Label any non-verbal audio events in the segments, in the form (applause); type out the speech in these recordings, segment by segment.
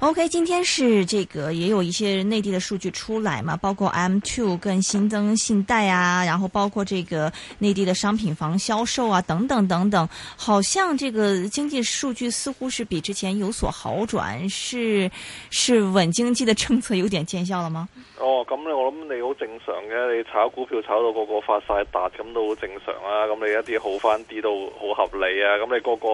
OK，今天是這個也有一些內地的數據出來嘛，包括 M2 跟新增信貸啊，然後包括這個內地的商品房銷售啊，等等等等，好像這個經濟數據似乎是比之前有所好轉，是是穩經濟的政策有點見效了嗎？哦，咁、嗯、你我諗你好正常嘅，你炒股票炒到個個發晒達咁都好正常啊，咁你一啲好返啲都好合理啊，咁你個個。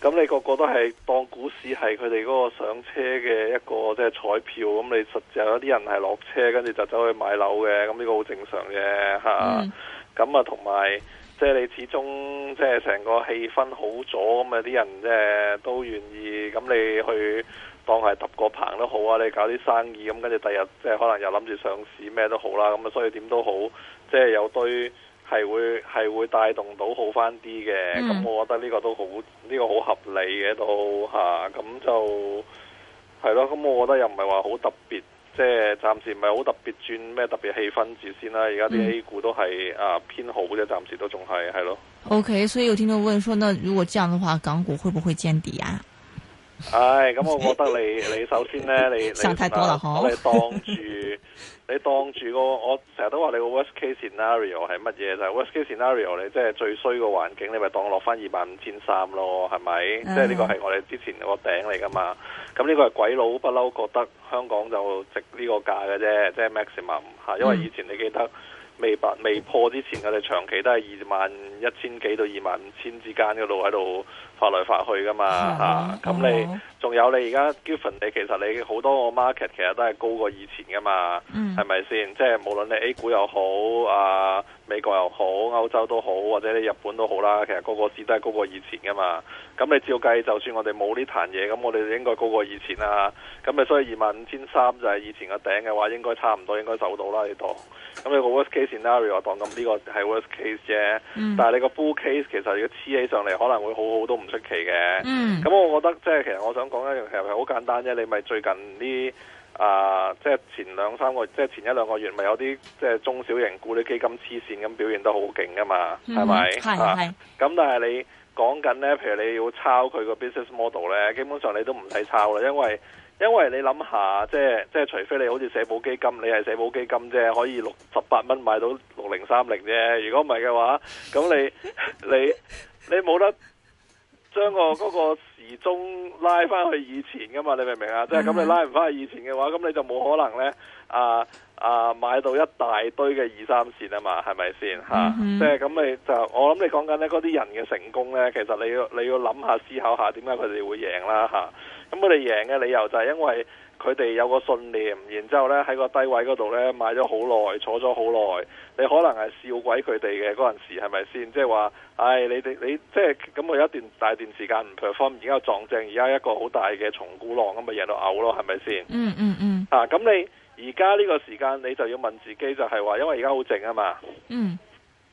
咁你個個都係當股市係佢哋嗰個上車嘅一個即係彩票，咁你實在有啲人係落車，跟住就走去買樓嘅，咁呢個好正常嘅嚇、嗯、啊，同埋即係你始終即係成個氣氛好咗，咁啊啲人即係都願意，咁你去當係揼個棚都好啊，你搞啲生意，咁跟住第日即係可能又諗住上市咩都好啦，咁啊所以點都好，即係、就是、有堆。係會係會帶動到好翻啲嘅，咁、嗯、我覺得呢個都好呢、呢個好合理嘅都吓，咁、啊、就係咯。咁我覺得又唔係話好特別，即係暫時唔係好特別轉咩特別氣氛住先啦。而家啲 A 股都係啊偏好啫，暫時都仲係係咯。O、okay, K，所以有聽眾問說，那如果這樣的話，港股會不會見底啊？唉、 (laughs) 哎，咁、嗯、我覺得你你首先呢，你你，我哋當住你當住個 (laughs) 我成日都話你個 worst case scenario 係乜嘢就係、worst case scenario 你即係最衰個環境，你咪當落翻二萬五千三咯，係咪？ (laughs) 即係呢個係我哋之前個頂嚟噶嘛。咁、嗯、呢 (laughs) 個係鬼佬不嬲覺得香港就值呢個價嘅啫，即、就、係、是、maximum 吓。因為以前你記得未未破之前，我哋長期都係二萬一千幾到二萬五千之間嗰度喺度。發來發去噶嘛嚇，咁、啊、你仲、嗯、有你而家 given 你其實你好多個 market 其實都係高過以前噶嘛，係咪先？即係無論你 A 股又好啊，美國又好，歐洲都好，或者你日本都好啦，其實個個市都係高過以前噶嘛。咁你照計，就算我哋冇呢壇嘢，咁我哋應該高過以前啊。咁咪所以二萬五千三就係以前嘅頂嘅話，應該差唔多應該走到啦呢度。咁你個 worst case scenario 我當咁呢個係 worst case 啫、嗯，但係你個 bull case 其實如果黐起上嚟，可能會好好都唔～出奇嘅，咁我覺得即係其實我想講一樣，其實係好簡單啫。你咪最近呢即係前兩三個，即係前一兩個月，咪有啲即係中小型固啲基金黐線咁表現得好勁噶嘛，係、嗯、咪？係咁、啊、但係你講緊咧，譬如你要抄佢個 business model 咧，基本上你都唔使抄啦，因為因為你諗下，即係即係，除非你好似社保基金，你係社保基金啫，可以六十八蚊買到六零三零啫。如果唔係嘅話，咁你 (laughs) 你你冇得。將個嗰個時鐘拉翻去以前噶嘛，你明唔明啊？即係咁你拉唔翻去以前嘅話，咁你就冇可能呢，啊啊買到一大堆嘅二三線啊嘛，係咪先吓？即係咁你就我諗你講緊呢嗰啲人嘅成功呢，其實你要你要諗下思考下點解佢哋會贏啦吓。咁佢哋贏嘅理由就係因為佢哋有個信念，然之後呢喺個低位嗰度呢，買咗好耐，坐咗好耐。你可能係笑鬼佢哋嘅嗰陣時係咪先？即係話，唉，你哋你即係咁，我有一段大段時間唔 perform，而家撞正，而家一個好大嘅重估浪咁，咪日到嘔咯，係咪先？嗯嗯嗯。啊，咁你而家呢個時間，你就要問自己就係話，因為而家好靜啊嘛。嗯。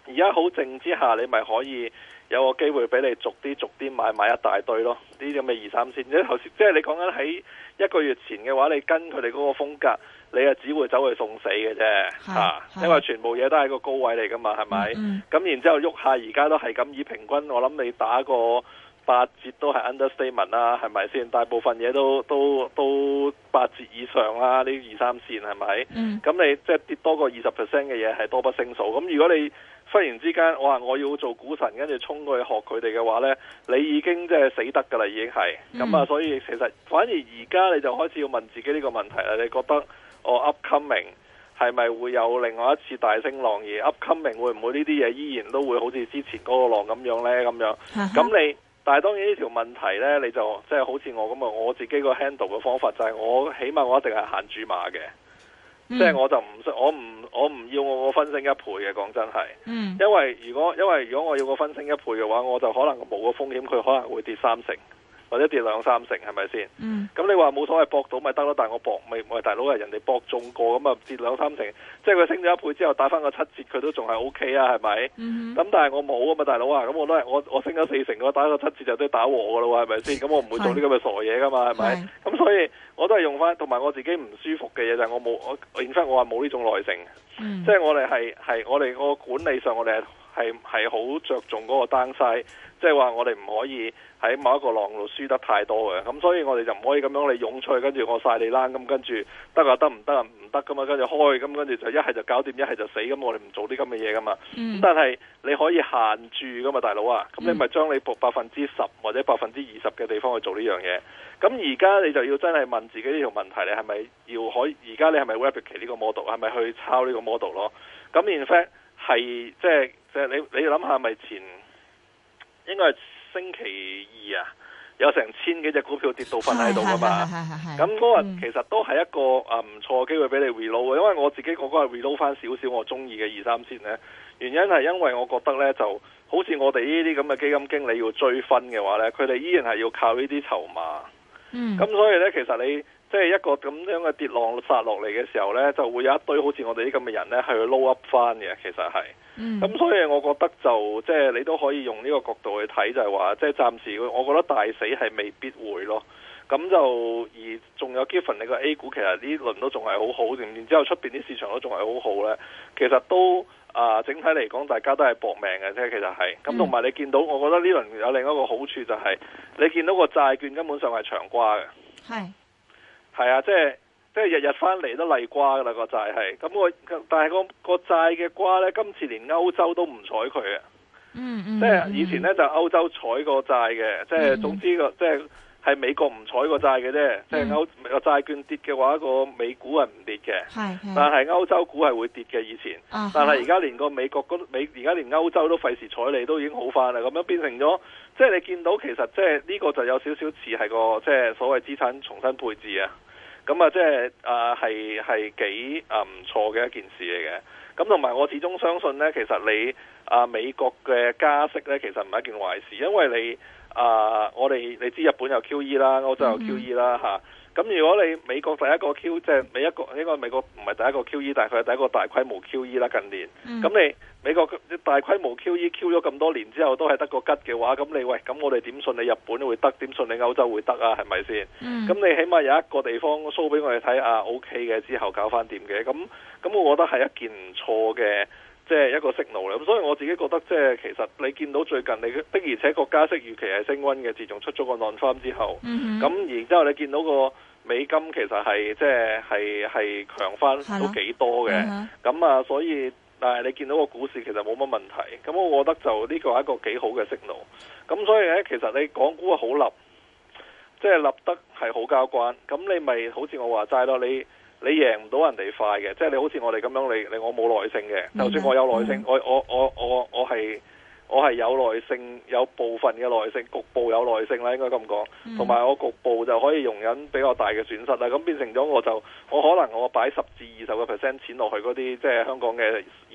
而家好靜之下，你咪可以有個機會俾你逐啲逐啲買買一大堆咯。啲咁嘅二三線，即係頭先，即係你講緊喺一個月前嘅話，你跟佢哋嗰個風格。你啊，只會走去送死嘅啫、啊、因為全部嘢都係個高位嚟噶嘛，係咪？咁、嗯、然之後喐下，而家都係咁，以平均我諗你打個八折都係 understatement 啦，係咪先？大部分嘢都都都都八折以上啦，呢二三線係咪？咁、嗯、你即係、就是、跌多過二十 percent 嘅嘢係多不勝數。咁如果你忽然之間，哇！我要做股神，跟住衝去學佢哋嘅話呢，你已經即係死得㗎啦，已經係。咁、嗯嗯、啊，所以其實反而而家你就開始要問自己呢個問題啦，你覺得？我、oh, upcoming 係咪會有另外一次大升浪？而 upcoming 會唔會呢啲嘢依然都會好似之前嗰個浪咁樣呢？咁咁你，但係當然呢條問題呢，你就即係、就是、好似我咁啊，我自己個 handle 嘅方法就係、是、我起碼我一定係限注碼嘅，即、mm. 係我就唔我唔我唔要我個分升一倍嘅。講真係、mm.，因為如果因為如果我要個分升一倍嘅話，我就可能冇個風險，佢可能會跌三成。或者跌兩三成係咪先？咁、嗯、你話冇所謂博到咪得咯？但係我博未？喂，大佬啊，人哋博中過咁啊，跌兩三成，即係佢升咗一倍之後打翻個七折，佢都仲係 OK 啊？係咪？咁、嗯、但係我冇啊嘛，大佬啊，咁我都係我我升咗四成，我打個七折就都打和噶啦，係咪先？咁我唔會做啲咁嘅傻嘢噶嘛，係咪？咁所以我都係用翻，同埋我自己唔舒服嘅嘢就係我冇，我認翻我話冇呢種耐性，嗯、即係我哋係我哋個管理上我哋。係係好着重嗰個單勢，即係話我哋唔可以喺某一個浪路輸得太多嘅，咁所以我哋就唔可以咁樣你湧出去，跟住我曬你冷，咁跟住得啊，得唔得啊？唔得噶嘛，跟住開，咁跟住就一係就搞掂，一係就死，咁我哋唔做啲咁嘅嘢噶嘛。咁、嗯、但係你可以限住噶嘛，大佬啊，咁你咪將你撥百分之十或者百分之二十嘅地方去做呢樣嘢。咁而家你就要真係問自己呢條問題，你係咪要可以？而家你係咪 replicate 呢個 model？係咪去抄呢個 model 咯？咁然係即係即係你你諗下，咪前應該係星期二啊，有成千幾隻股票跌到瞓喺度㗎嘛。咁嗰日其實都係一個啊唔錯嘅機會俾你 reload、嗯、因為我自己個個係 reload 翻少少我中意嘅二三線呢。原因係因為我覺得呢就好似我哋呢啲咁嘅基金經理要追分嘅話呢，佢哋依然係要靠呢啲籌碼。嗯，咁所以呢，其實你。即係一個咁樣嘅跌浪殺落嚟嘅時候呢，就會有一堆好似我哋啲咁嘅人呢，係去撈 up 翻嘅。其實係，咁、嗯、所以我覺得就即係你都可以用呢個角度去睇，就係、是、話即係暫時，我覺得大死係未必會咯。咁就而仲有 given 你個 A 股其實呢輪都仲係好好，然然之後出面啲市場都仲係好好呢？其實都啊、呃，整體嚟講，大家都係搏命嘅啫。其實係咁，同埋你見到、嗯，我覺得呢輪有另一個好處就係、是、你見到個債券根本上係長瓜嘅，係。係啊，即係即係日日翻嚟都例瓜噶啦，個債係，咁我但係個個債嘅瓜呢，今次連歐洲都唔睬佢啊。嗯，即係以前呢、嗯、就歐洲睬個債嘅，即係、嗯、總之個即係係美國唔睬個債嘅啫。即係歐、美國債券跌嘅話，個美股係唔跌嘅，但係歐洲股係會跌嘅。以前，哦、但係而家連個美國美而家連歐洲都費事睬你，都已經好翻啦。咁樣變成咗，即係你見到其實即係呢個就有少少似係個即係所謂資產重新配置啊。咁啊，即係啊，係係幾啊唔錯嘅一件事嚟嘅。咁同埋我始終相信咧，其實你啊美國嘅加息咧，其實唔係一件壞事，因為你啊，我哋你知日本有 QE 啦，歐洲有 QE 啦吓。咁如果你美國第一個 Q 即係美一個呢個美國唔係第一個 QE，但係佢係第一個大規模 QE 啦。近年，咁、嗯、你美國大規模 QE, QE Q 咗咁多年之後都係得個吉嘅話，咁你喂，咁我哋點信你日本會得？點信你歐洲會得啊？係咪先？咁、嗯、你起碼有一個地方 show 俾我哋睇啊 OK 嘅之後搞翻掂嘅，咁咁我覺得係一件唔錯嘅。即係一個息怒啦，咁所以我自己覺得即係其實你見到最近，你的而且個加息預期係升溫嘅，自從出咗個 nonfarm 之後，咁、mm -hmm. 然之後你見到個美金其實係即係係係強翻到幾多嘅，咁、mm -hmm. 啊所以但係你見到個股市其實冇乜問題，咁我覺得就呢個係一個幾好嘅息怒，咁所以咧其實你講股好立，即係立得係好交關，咁你咪好似我話齋咯，你。你贏唔到人哋快嘅，即係你好似我哋咁樣，你你我冇耐性嘅。就算我有耐性，我我我我我係我係有耐性，有部分嘅耐性，局部有耐性啦，應該咁講。同埋我局部就可以容忍比較大嘅損失啦。咁變成咗我就我可能我擺十至二十個 percent 錢落去嗰啲即係香港嘅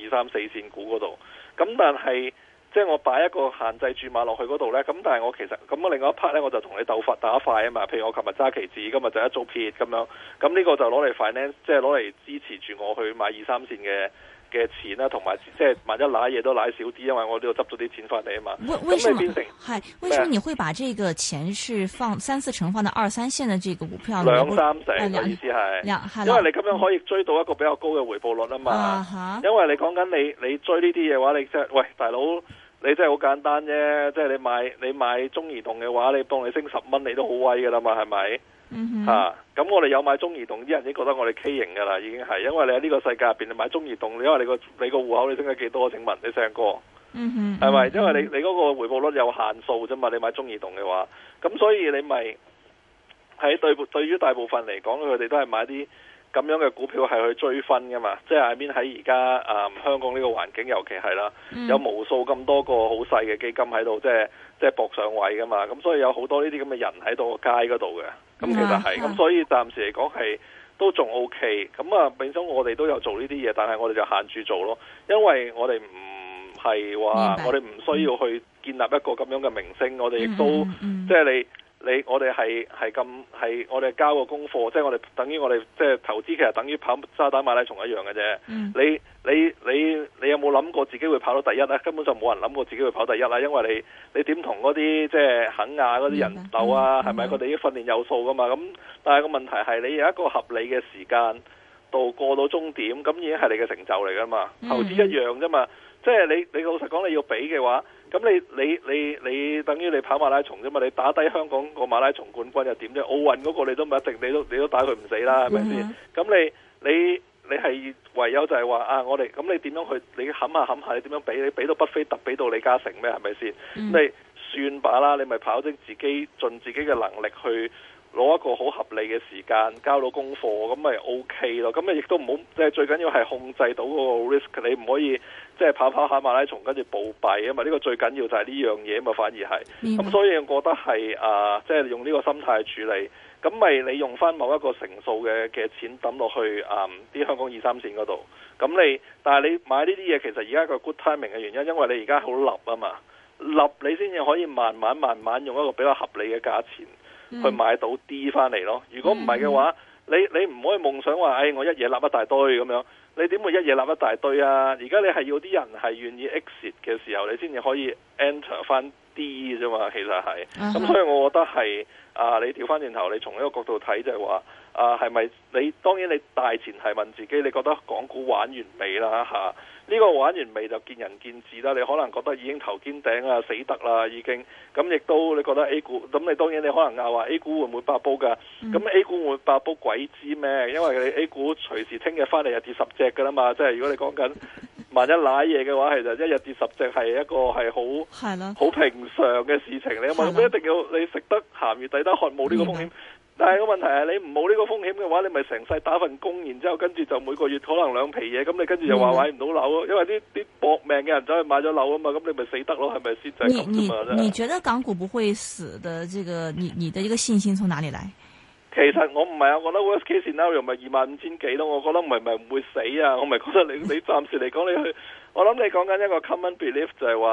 二三四線股嗰度。咁但係。即係我擺一個限制住碼落去嗰度咧，咁但係我其實咁我另外一 part 咧，我就同你鬥法打快啊嘛。譬如我琴日揸期指，今日就一組撇咁樣，咁呢個就攞嚟 finance，即係攞嚟支持住我去買二三線嘅嘅錢啦，同埋即係萬一瀨嘢都瀨少啲，因為我呢度執咗啲錢翻嚟啊嘛。咁啊變成，係，為什麼你會把這個錢是放三四成放到二三線嘅這個股票呢？兩三成，意思係，因為你咁樣可以追到一個比較高嘅回報率嘛啊嘛。因為你講緊你你追呢啲嘢話，你即係喂大佬。你真係好簡單啫，即係你買你買中移動嘅話，你當你升十蚊，你都好威噶啦嘛，係咪？咁、嗯啊、我哋有買中移動啲人已經覺得我哋畸形噶啦，已經係，因為你喺呢個世界入邊，你買中移動你因為你個你個戶口你升咗幾多？請問你上過？嗯哼，係咪？因為你你嗰個回報率有限數啫嘛，你買中移動嘅話，咁所以你咪喺對對於大部分嚟講，佢哋都係買啲。咁樣嘅股票係去追分噶嘛？即係喺邊喺而家啊香港呢個環境尤其係啦、嗯，有無數咁多個好細嘅基金喺度，即係即係搏上位噶嘛。咁所以有好多呢啲咁嘅人喺度個街嗰度嘅，咁其實係咁、嗯啊嗯。所以暫時嚟講係都仲 OK。咁啊，變相我哋都有做呢啲嘢，但係我哋就限住做咯，因為我哋唔係話我哋唔需要去建立一個咁樣嘅明星，我哋亦都嗯嗯嗯即係你。你我哋係係咁係，我哋交個功課，即係我哋等於我哋即係投資，其實等於跑沙灘馬拉松一樣嘅啫、嗯。你你你你有冇諗過自己會跑到第一咧？根本就冇人諗過自己會跑到第一啦，因為你你點同嗰啲即係肯亞嗰啲人鬥啊？係、嗯、咪？佢哋啲訓練有素㗎嘛？咁但係個問題係，你有一個合理嘅時間到過到終點，咁已經係你嘅成就嚟㗎嘛？嗯、投資一樣啫嘛，即係你你老實講，你要比嘅話。咁你你你你，你你你等於你跑馬拉松啫嘛？你打低香港個馬拉松冠軍又點啫？奧運嗰個你都唔一定，你都你都打佢唔死啦，係咪先？咁、mm -hmm. 你你你係唯有就係話啊，我哋咁你點樣去？你冚下冚下，你點樣俾？你俾到巴菲特，俾到李嘉誠咩？係咪先？咁、mm -hmm. 你算罷啦，你咪跑啲自己盡自己嘅能力去攞一個好合理嘅時間交到功課，咁咪 O K 咯。咁咪亦都唔好，即係最緊要係控制到嗰個 risk，你唔可以。即係跑跑下馬拉松，跟住暴斃啊嘛！呢個最緊要就係呢樣嘢啊嘛，反而係咁，嗯、所以我覺得係啊，即、呃、係、就係、用呢個心態去處理。咁咪你用翻某一個成數嘅嘅錢抌落去啊啲、嗯、香港二三線嗰度。咁你但係你買呢啲嘢，其實而家個 good timing 嘅原因，因為你而家好立啊嘛，立你先至可以慢慢慢慢用一個比較合理嘅價錢去買到啲翻嚟咯、嗯。如果唔係嘅話，嗯嗯你你唔可以夢想話，哎，我一嘢立一大堆咁樣，你點會一嘢立一大堆啊？而家你係要啲人係願意 exit 嘅時候，你先至可以 enter 翻 D 啫嘛，其實係。咁所以我覺得係，啊，你調翻轉頭，你從呢個角度睇就係話。啊，係咪你？當然你大前提問自己，你覺得港股玩完未啦？嚇、啊，呢、這個玩完未就見仁見智啦。你可能覺得已經頭肩頂啊死得啦已經，咁、嗯、亦、嗯、都你覺得 A 股，咁你當然你可能又話 A 股會唔會爆煲㗎？咁 A 股會唔會爆煲鬼知咩？因為你 A, A 股隨時聽日翻嚟又跌十隻㗎啦嘛。即、就、係、是、如果你講緊萬一瀨嘢嘅話，係 (laughs) 就一日跌十隻係一個係好好平常嘅事情。你有冇一定要你食得鹹魚抵得渴冇呢個風險？但係個問題係你唔冇呢個風險嘅話，你咪成世打份工，然之後跟住就每個月可能兩皮嘢，咁你跟住又話買唔到樓咯，因為啲啲搏命嘅人走去買咗樓啊嘛，咁你咪死得咯，係咪先？就係咁啫嘛，你你你覺得港股不會死的？這個你你的一個信心從哪裏來？其實我唔係啊，我覺得 worst case scenario 又咪二萬五千幾咯，我覺得唔係咪唔會死啊，我咪覺得你你暫時嚟講你去。 (laughs) 我諗你講緊一個 common belief 就係話，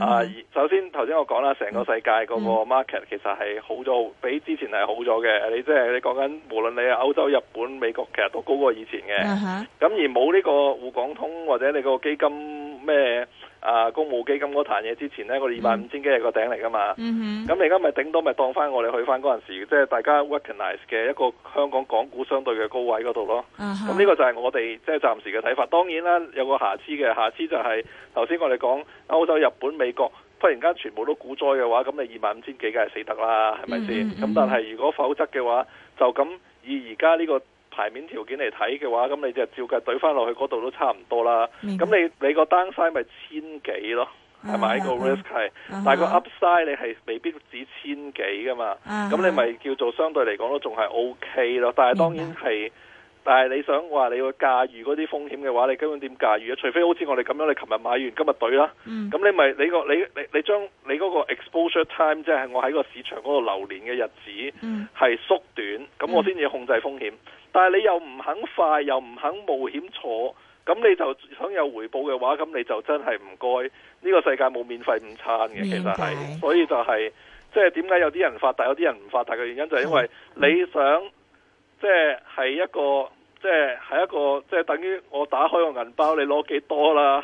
啊，mm -hmm. 首先頭先我講啦，成個世界嗰個 market 其實係好咗，mm -hmm. 比之前係好咗嘅。你即係你講緊，無論你係歐洲、日本、美國，其實都高過以前嘅。咁、mm -hmm. 而冇呢個滬港通或者你個基金咩？啊，公務基金嗰壇嘢之前呢，我哋二萬五千幾係個頂嚟噶嘛，咁你而家咪頂多咪當翻我哋去翻嗰陣時，即係大家 recognize 嘅一個香港港股相對嘅高位嗰度咯。Uh-huh. 咁呢個就係我哋即係暫時嘅睇法。當然啦，有個瑕疵嘅瑕疵就係頭先我哋講歐洲、日本、美國忽然間全部都股災嘅話，咁你二萬五千幾梗係死得啦，係咪先？Mm-hmm. 咁但係如果否則嘅話，就咁以而家呢個排面條件嚟睇嘅話，咁你就照計對翻落去嗰度都差唔多啦。咁你你個 down side 咪千幾咯，係咪？個 risk 係，但係個 up side 你係未必止千幾噶嘛。咁你咪叫做相對嚟講都仲係 O K 咯。但係當然係，但係你想話你要駕馭嗰啲風險嘅話，你根本點駕馭啊？除非好似我哋咁樣，你琴日買完今日對啦。咁、嗯、你咪你個你你你將你嗰個 exposure time 即係我喺個市場嗰度留連嘅日子係、嗯、縮短，咁我先至控制風險。嗯但係你又唔肯快，又唔肯冒險錯，咁你就想有回報嘅話，咁你就真係唔該。呢個世界冇免費午餐嘅，其實係，所以就係即係點解有啲人發達，有啲人唔發達嘅原因，就係因為你想即係係一個，即係係一個，即係等於我打開個銀包，你攞幾多啦？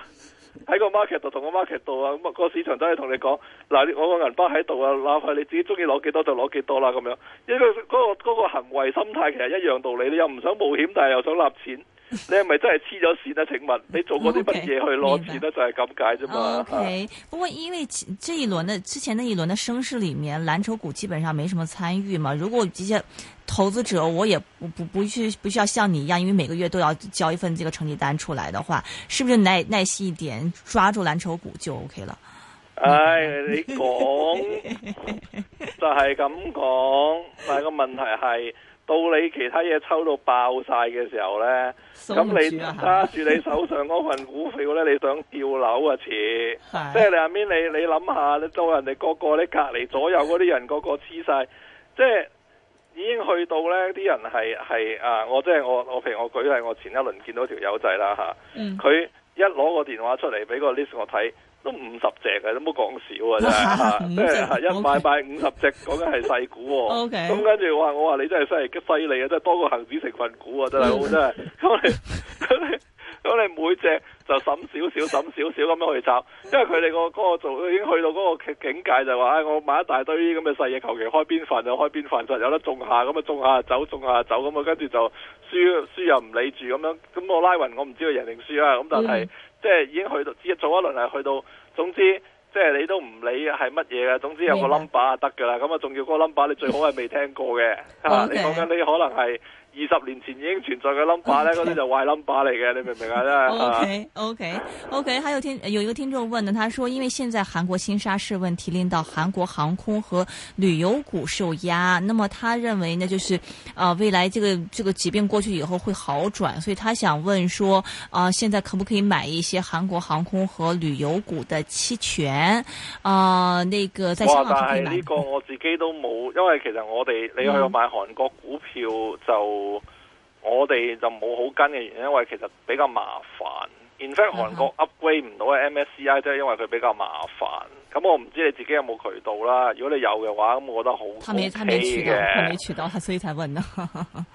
喺個 market 度同個 market 度啊，咁個市場真係同你講，嗱，我個銀包喺度啊，嗱，去你自己中意攞幾多就攞幾多啦咁、啊、樣，因為嗰個嗰個行為心態其實一樣道理，你又唔想冒險，但係又想立錢。你係咪真係黐咗線啊？請問你做過啲乜嘢去攞錢咧、okay,？就係咁解啫嘛。O、okay, K，不過因為這一輪的之前那一輪的升勢裏面，藍籌股基本上沒什麼參與嘛。如果這些投資者，我也不不不去不需要像你一樣，因為每個月都要交一份這個成績單出來的話，是不是耐耐心一點抓住藍籌股就 O、OK、K 了？唉、哎，你講 (laughs) 就係咁講，但係個問題係。到你其他嘢抽到爆晒嘅時候呢，咁你揸住你手上嗰份股票呢， (laughs) 你想跳樓啊？似， (laughs) 即係你阿邊你你諗下，到人哋個個呢隔籬左右嗰啲人個個黐晒， (laughs) 即係已經去到呢啲人係係啊！我即係我我譬如我舉例，我前一輪見到條友仔啦吓，佢、啊、 (laughs) 一攞個電話出嚟俾個 list 我睇。都五十隻嘅，都冇講少啊，真係，即係一買買五十隻，講緊係細股、啊。喎。咁跟住話我話你真係犀利，犀利啊！真係多過恒指成份股啊！真係， (laughs) 真係。咁你咁你咁你每隻就審少少，審少少咁樣去炒，因為佢哋個嗰個做已經去到嗰個境界就，就、哎、話我買一大堆咁嘅細嘢，求其開邊份就開邊份，就有得種下咁啊，種下，種下走，種下走咁啊，跟住就輸輸又唔理住咁樣。咁我拉匀，我唔知佢贏定輸啦。咁但係。即係已經去到，只做一輪係去到。總之，即係你都唔理係乜嘢嘅。總之有個 number 就得噶啦。咁啊，仲要個 number，你最好係未聽過嘅。吓，你講緊你可能係。二十年前已經存在嘅 number 呢，嗰、okay. 啲就壞 number 嚟嘅，你明唔明啊？真係 OK OK OK，還有聽有一個聽眾問呢，他說因為現在韓國新沙士問題令到韓國航空和旅遊股受壓，那麼他認為呢就是啊、呃、未來這個這個疾病過去以後會好轉，所以他想問說啊、呃、現在可不可以買一些韓國航空和旅遊股的期權啊、呃？那個在香港可以買。哇，但係呢個我自己都冇，因為其實我哋你去買韓國股票就。 (music) 我哋就冇好跟嘅原因，因為其實比較麻煩。In fact，韓國 upgrade 唔到 MSCI 啫，即係因為佢比較麻煩。咁我唔知你自己有冇渠道啦。如果你有嘅話，咁我覺得好 OK 嘅。他沒他沒取到，他沒取到，所以才問啊。 (laughs)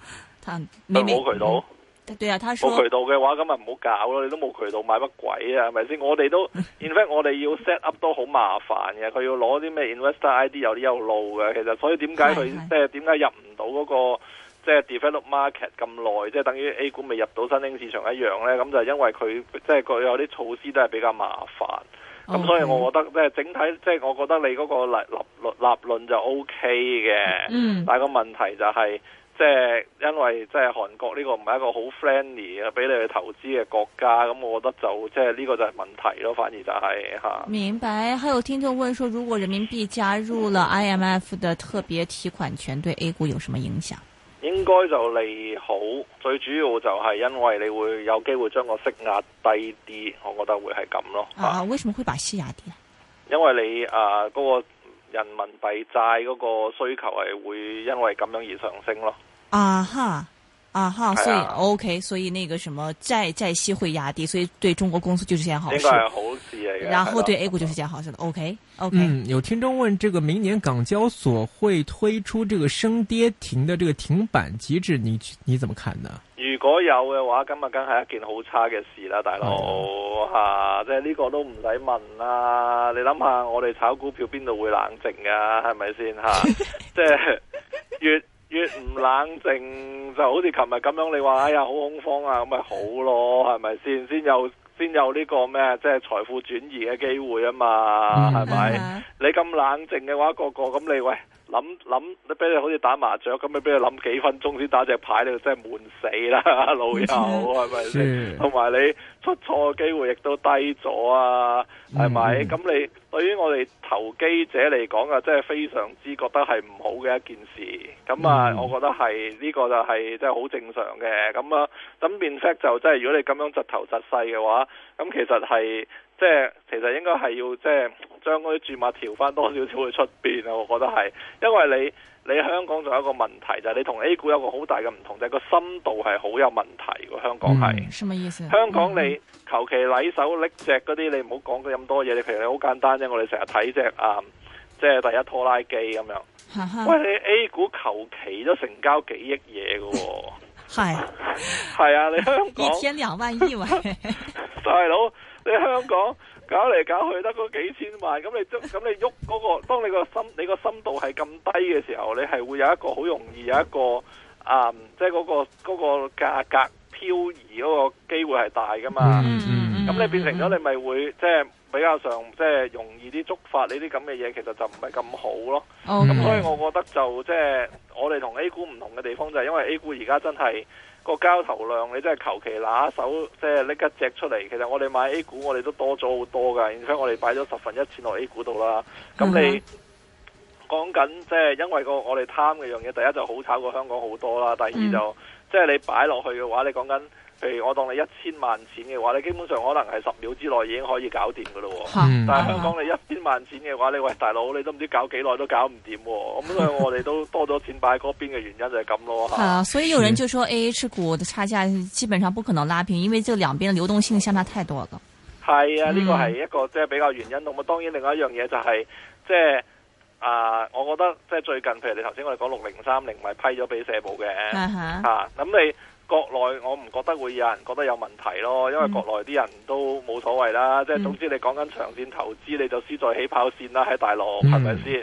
他你冇渠道、嗯？對啊，他說冇渠道嘅話，咁咪唔好搞咯。你都冇渠道買乜鬼啊？係咪先？我哋都 in fact， (laughs) 我哋要 set up 都好麻煩嘅。佢要攞啲咩 investor ID 有啲有路嘅。其實所以點解佢即係點解入唔到嗰個？即係 develop market 咁耐，即係等於 A 股未入到新興市場一樣咧。咁就因為佢即係佢有啲措施都係比較麻煩，咁、okay. 所以我覺得即係整體，即係我覺得你嗰個立立立論就 O K 嘅。嗯，但係個問題就係即係因為即係韓國呢個唔係一個好 friendly 俾你去投資嘅國家，咁我覺得就即係呢個就係問題咯。反而就係嚇。明白，還有聽眾問說：，說如果人民幣加入了 IMF 的特別提款權，對 A 股有什麼影響？應該就利好，最主要就係因為你會有機會將個息壓低啲，我覺得會係咁咯。啊，為什麼會把息壓低？因為你啊，嗰個人民幣債嗰個需求係會因為咁樣而上升咯。啊哈。啊哈，所以 OK，所以那個什麼債債息會壓低，所以對中國公司就是件好事，應該好事嚟嘅。然後對 A 股就是件好事，right.，OK OK。嗯，有聽眾問，這個明年港交所會推出這個升跌停的這個停板機制，你你怎麼看呢？如果有嘅話，今日梗係一件好差嘅事啦，大佬。吓、okay. 啊，即係呢個都唔使問啦，你諗下我哋炒股票邊度會冷靜啊？係咪先吓？即係越。 (laughs) 越唔冷靜就好似琴日咁樣，你話哎呀好恐慌啊，咁咪好咯，係咪先？先有先有呢個咩，即係財富轉移嘅機會啊嘛，嗯、係咪、嗯啊？你咁冷靜嘅話，個個咁你喂。諗諗，你俾，你好似打麻雀咁，你俾佢諗幾分鐘先打隻牌，你就真係悶死啦，老友係咪先？同埋你出錯嘅機會亦都低咗啊，係、嗯、咪？咁你對於我哋投機者嚟講啊，真、就、係、是、非常之覺得係唔好嘅一件事。咁啊、嗯，我覺得係呢、這個就係真係好正常嘅。咁啊，咁面色就真、就、係、是、如果你咁樣窒頭窒勢嘅話，咁其實係。即係其實應該係要即係將嗰啲注碼調翻多少少去出邊啊！我覺得係，因為你你香港仲有一個問題就係、是、你同 A 股有個好大嘅唔同，就係、是、個深度係好有問題的。個香港係、嗯，什麼意思？嗯、香港你求其禮手搦隻嗰啲，你唔好講咁多嘢。你譬如你好簡單啫，我哋成日睇隻啊，即係第一拖拉機咁樣哈哈。喂，你 A 股求其都成交幾億嘢噶喎。係 (laughs) 係 (laughs) (laughs) 啊，你香港一天兩萬億喂、啊、 (laughs) (laughs) 大佬。香港搞嚟搞去得嗰幾千萬，咁你咁你喐嗰、嗰個。當你個心你個深度係咁低嘅時候，你係會有一個好容易有一個啊，即、嗯、係、就是嗰個、嗰個價格漂移嗰個機會係大噶嘛。咁、mm -hmm. 你變成咗你咪會即係、就是、比較上即係、就是、容易啲觸發呢啲咁嘅嘢，其實就唔係咁好咯。咁、mm -hmm. 所以我覺得就即係、就是、我哋同 A 股唔同嘅地方就係、是、因為 A 股而家真係。那個交投量，你真係求其拿手，即係拎一隻出嚟。其實我哋買 A 股，我哋都多咗好多噶。而且我哋擺咗十分一錢落 A 股度啦。咁你講緊，即係、mm-hmm。因為個我哋貪嘅樣嘢，第一就好炒過香港好多啦。第二就即係、mm-hmm。你擺落去嘅話，你講緊。譬如我當你一千萬錢嘅話，你基本上可能係十秒之內已經可以搞掂噶咯。但係香港你一千萬錢嘅話，你喂大佬，你都唔知搞幾耐都搞唔掂。咁所以我哋都多咗錢擺喺嗰邊嘅原因就係咁咯。所以有人就說 A H 股嘅差價基本上不可能拉平，因為就兩邊嘅流動性相差太多了。咁、嗯、係啊、呢、這個係一個即係比較原因。咁啊，當然另外一樣嘢就係即係我覺得即係最近譬如你頭先我哋講六零三零，咪批咗俾社保嘅咁、嗯啊、你。國內我唔覺得會有人覺得有問題咯，因為國內啲人都冇所謂啦，即、嗯、係總之你講緊長線投資，你就輸在起跑線啦，喺大陸，係咪先？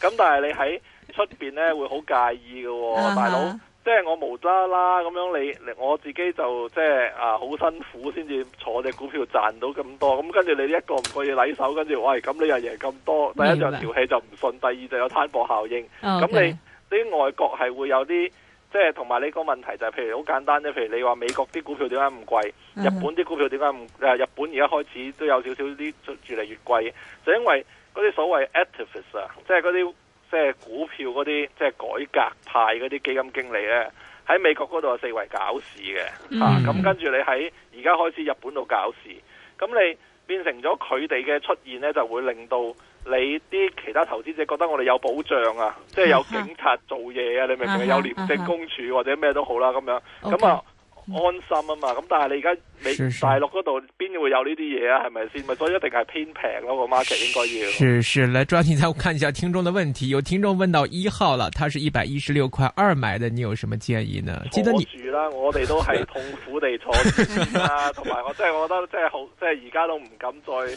咁但係你喺出邊呢，會好介意嘅、啊，大佬，即、就、係、是、我無啦啦咁樣你，你我自己就即係、就是、啊好辛苦先至坐隻股票賺到咁多，咁跟住你一個唔覺意禮手，跟住喂咁你又贏咁多，第一戲就條氣就唔信，第二就有攤薄效應，咁、哦、你啲、okay. 外國係會有啲。即係同埋呢個問題就係、是，譬如好簡單啫，譬如你話美國啲股票點解咁貴，日本啲股票點解唔誒？日本而家開始都有少少啲越嚟越貴，就因為嗰啲所謂 activist 啊，即係嗰啲即係股票嗰啲即係改革派嗰啲基金經理咧，喺美國嗰度係四圍搞事嘅吓，咁、mm -hmm. 啊、跟住你喺而家開始日本度搞事，咁你變成咗佢哋嘅出現咧，就會令到。你啲其他投資者覺得我哋有保障啊，即係有警察做嘢啊，uh -huh. 你明唔明？Uh -huh. 有廉政公署或者咩都好啦、啊，咁樣咁啊、okay. 安心啊嘛。咁但係你而家你大陸嗰度邊會有呢啲嘢啊？係咪先？咪所以一定係偏平咯，個 market 應該要。係係，嚟張先生，再看一下聽眾嘅問題，有聽眾問到一號啦，佢係一百一十六塊二買嘅，你有什麼建議呢？記得你住啦，我哋都係痛苦地坐住啊，同 (laughs) 埋我真係，我覺得真係好，真係而家都唔敢再。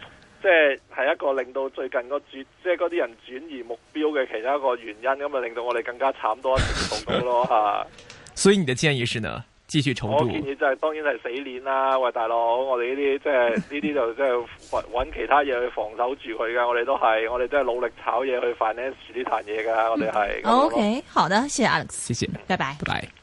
即係係一個令到最近個轉，即係嗰啲人轉移目標嘅其中一個原因，咁啊令到我哋更加慘多一重痛咯吓。所以你嘅建議是呢？繼續重我建議就係、是、當然係死鏈啦、啊，喂大佬，我哋呢啲即係呢啲就即係搵其他嘢去防守住佢噶，我哋都係，我哋都係努力炒嘢去 finance 呢壇嘢噶，我哋係、嗯。OK，好的，謝謝 Alex，謝謝，拜拜，拜拜。